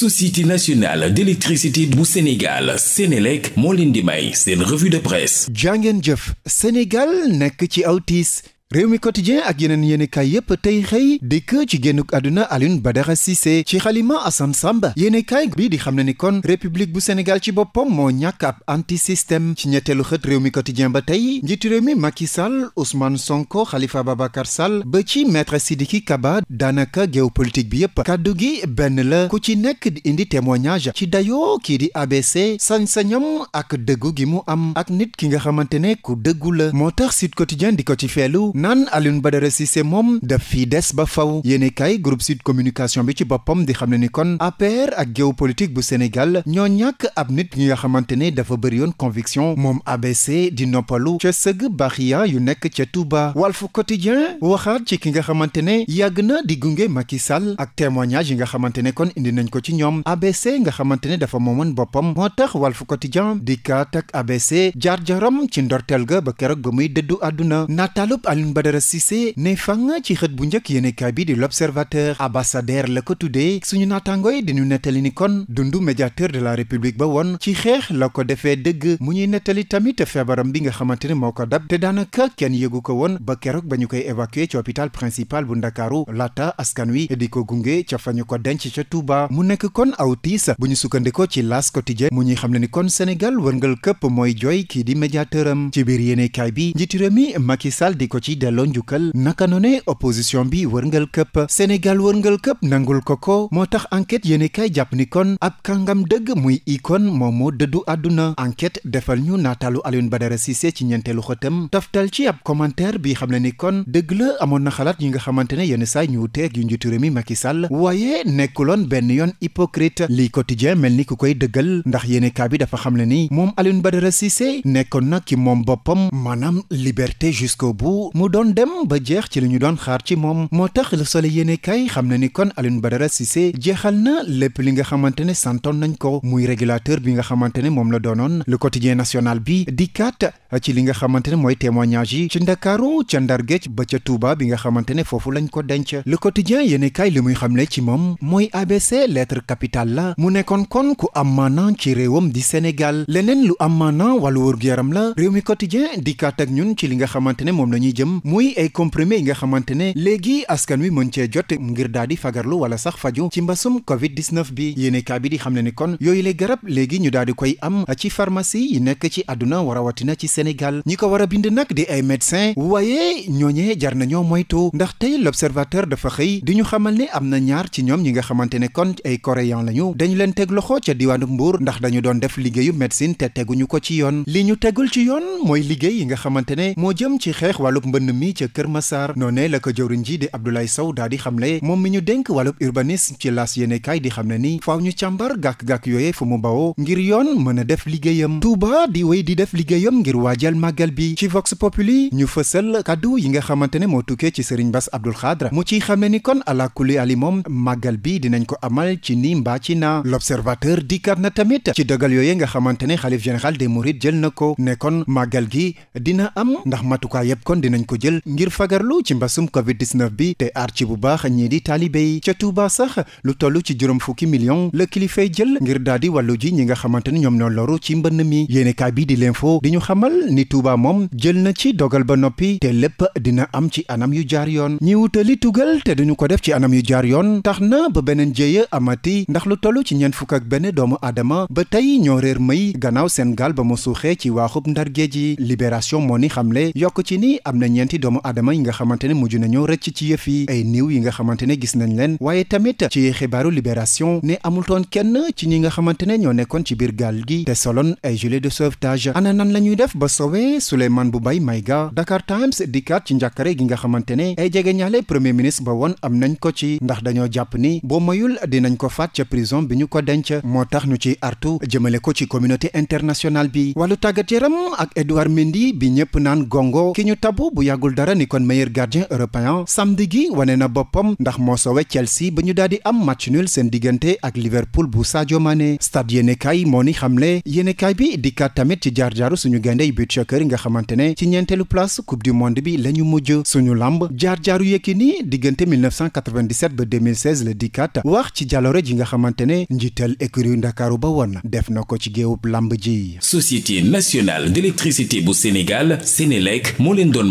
société nationale d'électricité bu Sénégal Sénélec moo leen di may seen revue de presse jàngeen jëf Sénégal nekk ci aw tiis réew mi quotidien ak yeneen yéenekaay yépp tey xëy dikk ci génnuk àdduna Alioune Badara Cissé ci xalima Assane Samba yéenekaay bii di xam ne ni kon république bu Sénégal ci boppam moo ñàkk ab antisystème ci ñetteelu xët réew mi quotidien ba tey njiitu réew mi Macky Sall Ousmane Sonko xalifa Babacar Sall ba ci maître Sidiki Kaba daanaka géopolitique bi yépp kàddu gi benn la ku ci nekk di indi témoignage ci dayoo kii di ABC sañ-sañam ak dëggu gi mu am ak nit ki nga xamante ne ku moo tax Sud Quotidien di ko ci naan Alioune Badara Cissé moom daf fii des ba faw yéeni kay groupe Sud Communication bi ci boppam di xam ne ni kon APR ak géopolitique bu Sénégal ñoo ñàkk ab nit ñi nga xamante ne dafa bëri yoon conviction moom ABC di noppalu ca sëgg yu nekk ca Touba Walf Quotidien waxaat ci ki nga xamante ne yàgg na di gunge Macky Sall ak témoignage yi nga xamante ne kon indi nañ ko ci ñoom ABC nga xamante ne dafa moomoon boppam moo tax Walf Quotidien di kaat ak ABC jaar jaram ci ndorteel ga ba keroog ba muy Alioune Badara Cissé ne fang ci xët bu njëkk yéenekaay bi di l'observateur ambassadeur la ko tuddee suñu naataango yi dañu nettali ni kon dundu médiateur de la république ba woon ci xeex la ko defee dëgg mu ñuy nettali tamit feebaram bi nga xamante ne moo ko dab te daanaka kenn yëgu ko woon ba keroog ba ñu koy évacuer ci hôpital principal bu ndakaaru laata askan wi di ko gunge ca fa ñu ko denc ca Touba mu nekk kon aw tiis bu ñu sukkandikoo ci L'As Quotidien mu ñuy xam ne ni kon Sénégal wërngal këpp mooy jooy kii di médiateur am ci biir delloo njukkal naka noone opposition bi wërngal këpp Sénégal wërngal këpp nangul ko ko moo tax enquête yéen kay jàpp ni kon ab kàngam dëgg muy ikon moom moo dëddu àdduna enquête defal ñu naataalu Alioune Badara Cissé ci ñeenteelu xëtam taftal ci ab commentaire bi xam ne ni kon dëgg la amoon na xalaat yi nga xamante ne yenn saay ñu teeg yu njiitu réew mi Macky Sall waaye nekkuloon benn yoon hypocrite lii quotidien mel ni ku koy dëggal ndax yéene kaa bi dafa xam ne ni moom Alioune Badara Cissé nekkoon na ki moom boppam maanaam liberté doon dem ba jeex ci li ñu doon xaar ci moom moo tax Le Soleil yéene kay xam na ni kon ba Badara Cissé jeexal na lépp li nga xamante ne santoon nañ ko muy régulateur bi nga xamante ne moom la doonoon le quotidien national bi di kat ci li nga xamante ne mooy témoignage yi ci Ndakaaru ca Ndargeej ba ca Touba bi nga xamante ne foofu lañ ko denc le quotidien yéene kay li muy xamle ci moom mooy ABC lettre capitale la mu nekkoon kon ku am maanaa ci réewam di Sénégal leneen lu am maanaa wàllu wërgu yaram la réew mi quotidien di kat ak ñun ci li nga xamante ne moom la ñuy jëm jëm muy ay comprimés yi nga xamante léegi askan wi mën cee jot ngir daal di fagarlu wala sax faju ci mbasum covid 19 bi yéenekaay bi di xam ne ni kon yooyu le garab léegi ñu daal di koy am ci pharmacie yi nekk ci àdduna warawatina ci Sénégal ñi ko war a bind nag di ay médecin waaye ñooñee jar nañoo moytu ndax tey l'observateur dafa xëy di ñu xamal ne am na ñaar ci ñoom ñi nga xamante ne kon ay coréen lañu dañu leen teg loxo ca diwaanu Mbuur ndax dañu doon def liggéeyu médecine te teguñu ko ci yoon li ñu tegul ci yoon mooy mbënn mi ca Kër Massar noonee la ko jëwriñ ji di Abdoulaye Sow daa di xamle moom mi ñu dénk wàllub urbanisme ci laas yéenekaay di xam ni faaw ñu càmbar gàkk-gàkk yooye fu mu bawoo ngir yoon mën a def liggéeyam Touba di wéy di def liggéeyam ngir waajal màggal bi ci Vox Populi ñu fësal kàddu yi nga xamante ne moo tukkee ci Serigne Bass Abdoul Khadre mu ciy xam ne ni kon ala kulli ali moom màggal bi dinañ ko amal ci ni mbaa ci naa L'Observateur dikkaat na tamit ci dogal yooye nga xam ne xalif général des mourides na ko ne kon màggal gi dina am ndax matukaay yépp ko jël ngir fagarlu ci mbasum covid 19 bi te aar ci bu baax ñii di taalibe yi ca Touba sax lu tollu ci juróom fukki million la kilifay jël ngir daal di wàllu ji ñi nga xamante ni ñoom noonu loru ci mbënn mi yéenekaay bi di foo di ñu xamal ni Touba moom jël na ci dogal ba noppi te lépp dina am ci anam yu jaar yoon ñi wutali tugal te duñu ko def ci anam yu jaar yoon tax na ba beneen jéeya amati ndax lu toll ci ñeent fukk ak benn doomu aadama ba tey ñoo réer may gannaaw seen gaal ba mu suuxee ci waaxub ndar géej yi libération juróom-ñeenti doomu aadama yi nga ne mujj nañoo rëcc ci yëf yi ay néew yi nga de sauvetage ana nan la ñuy def ba sowe Souleymane Boubay Maïga Dakar Times dikkaat ci njàkkare gi nga xamante ne ay jegeñaale premier ministre ba woon am nañ ko ci ndax dañoo jàpp ni boo mayul dinañ ko faat ca prison bi ñu ko denc moo tax ñu ci artu jëmale ko ci communauté internationale bi wàllu tàggat yaram ak Edouard Mendy bi ñëpp naan gongo ki ñu tabu bu yàggul dara ni kon meilleur gardien européen samedi gi wane na boppam ndax moo sowe Chelsea ba ñu daal di am match nul seen diggante ak Liverpool bu Sadio Mané stade yéenekaay moo ni xamle yéenekaay bi dikkaat tamit ci jaar-jaaru suñu gayndey but choqueur yi nga xamante ne ci ñeenteelu place coupe du monde bi la ñu mujj suñu lamb jaar-jaaru Yékini diggante 1997 ba 2016 la dikkaat wax ci jaloore ji nga xamante ne njiital écurie Ndakaaru ba woon na def na ko ci géewub lamb ji société nationale d'électricité bu Sénégal Sénélec moo leen doon